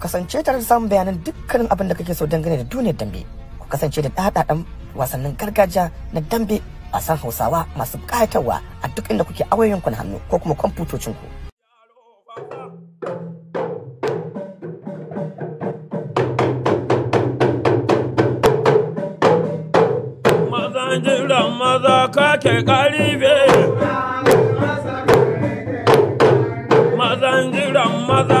kasance tare da samun bayanan dukkanin abin da kake so dangane da duniyar dambe ku kasance da ɗaɗaɗan wasannin gargajiya na dambe a san hausawa masu ƙayatarwa a duk inda kuke awayoyinku na hannu ko kuma kwamfutocinku. Mazan jiran maza kake ƙaribe. jiran maza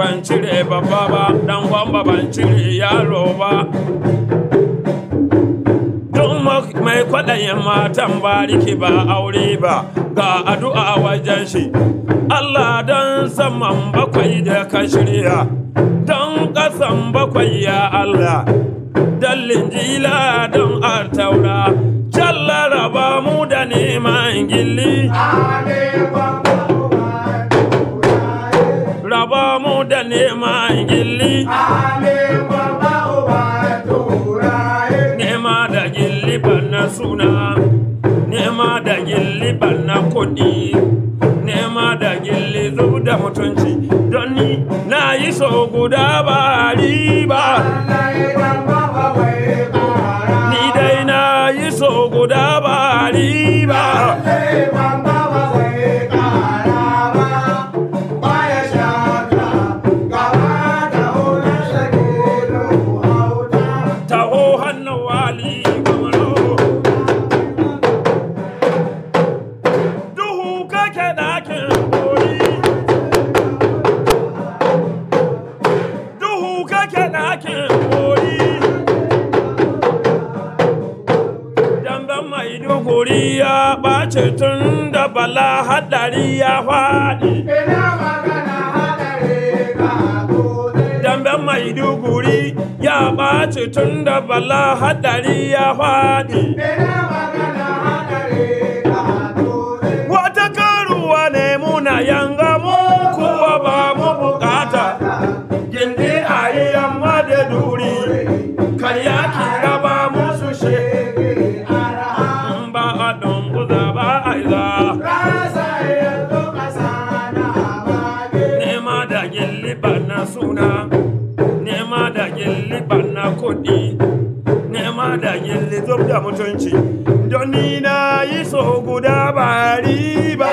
ban cire ba dan gwamba ban cire yaro ba mai kwaɗayin matan bariki ba aure ba ga addu'a wajen shi Allah don saman bakwai da ka shirya don ƙasan bakwai ya Allah don linjila don artaura laraba mu da neman gilli. da nema gilli nema da gilli banna suna nema da gilli banna kudi nema da gilli zub da mutunci don ni na yi so guda ba riba ɓace tun da bala hadari ya faɗi. dambe Maiduguri ya ɓace tun da bala hadari ya faɗi. nema da gilli na suna nema da gilli na kuɗi nema da gilli zub mutunci don ni na yi so guda ba riba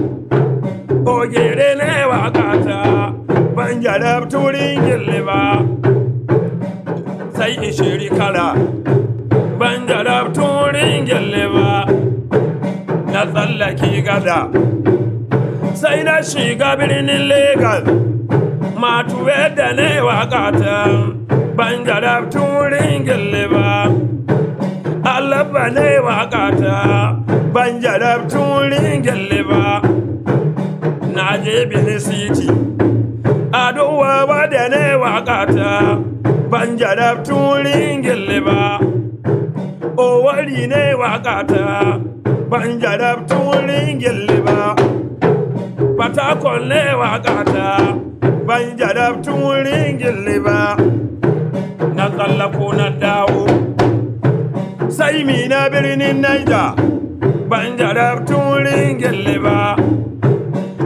ogere ne wakata ban jarab turin gille ba sai in shiri kala ban jarab turin gille ba na tsallake gada sai na shiga birnin legas matuwe da ne wakata ban jarab turin gille ba Allah ba ne wakata ban jarab turin gille jibin siti aduwa ba da ne wakata ban jarab turin gilliba o wari ne wakata ban jarab gilliba patakon ne wakata ban jarab gilliba na tsallako na dawo sai mi na birnin naija ban jarab gilliba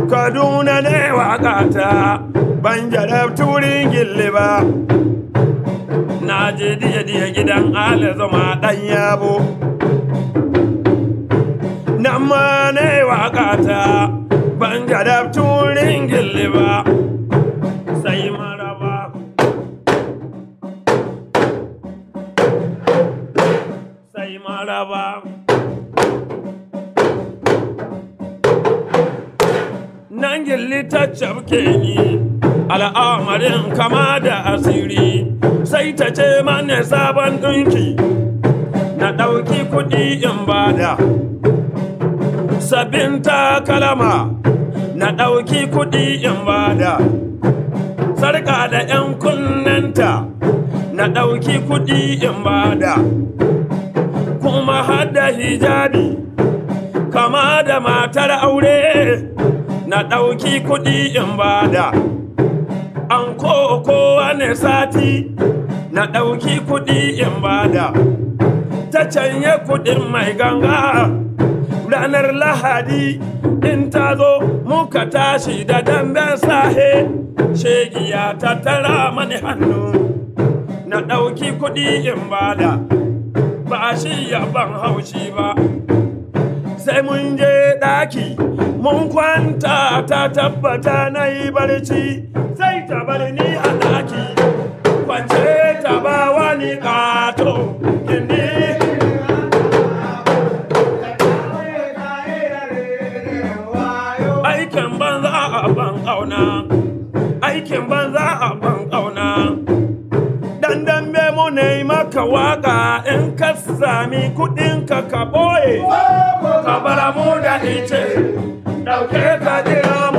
kaduna ne wakata ban jarab turin gilli na je diye-diye gidan ala zama dan yabo nan ma ne wakata ban turin gilli sai maraba sai maraba dangin littacce ke ni al'amarin kama da asiri sai ta ce mana sabon ɗunki, na ɗauki kuɗi in bada Sabin takalama na ɗauki kuɗi in bada Sarka da 'yan kunnenta na ɗauki kuɗi in bada kuma hada hijabi kuɗi in bada an ko kowane sati na ɗauki kuɗi in bada ta canye kuɗin mai ganga ranar lahadi in ta zo muka tashi da damben sahe shegiya ta tara mani hannu na ɗauki kuɗi in bada ba shi ban haushi ba sai mun je ɗaki mun kwanta ta tabbata na yi barci sai ta bar ni a daki kwance ta ba wani kato gini aikin banza a ban kauna aikin banza a ban kauna dan dambe mu ne maka waka in ka sami kudin ka ka boye ka bara mu da ice Now, can't I get on?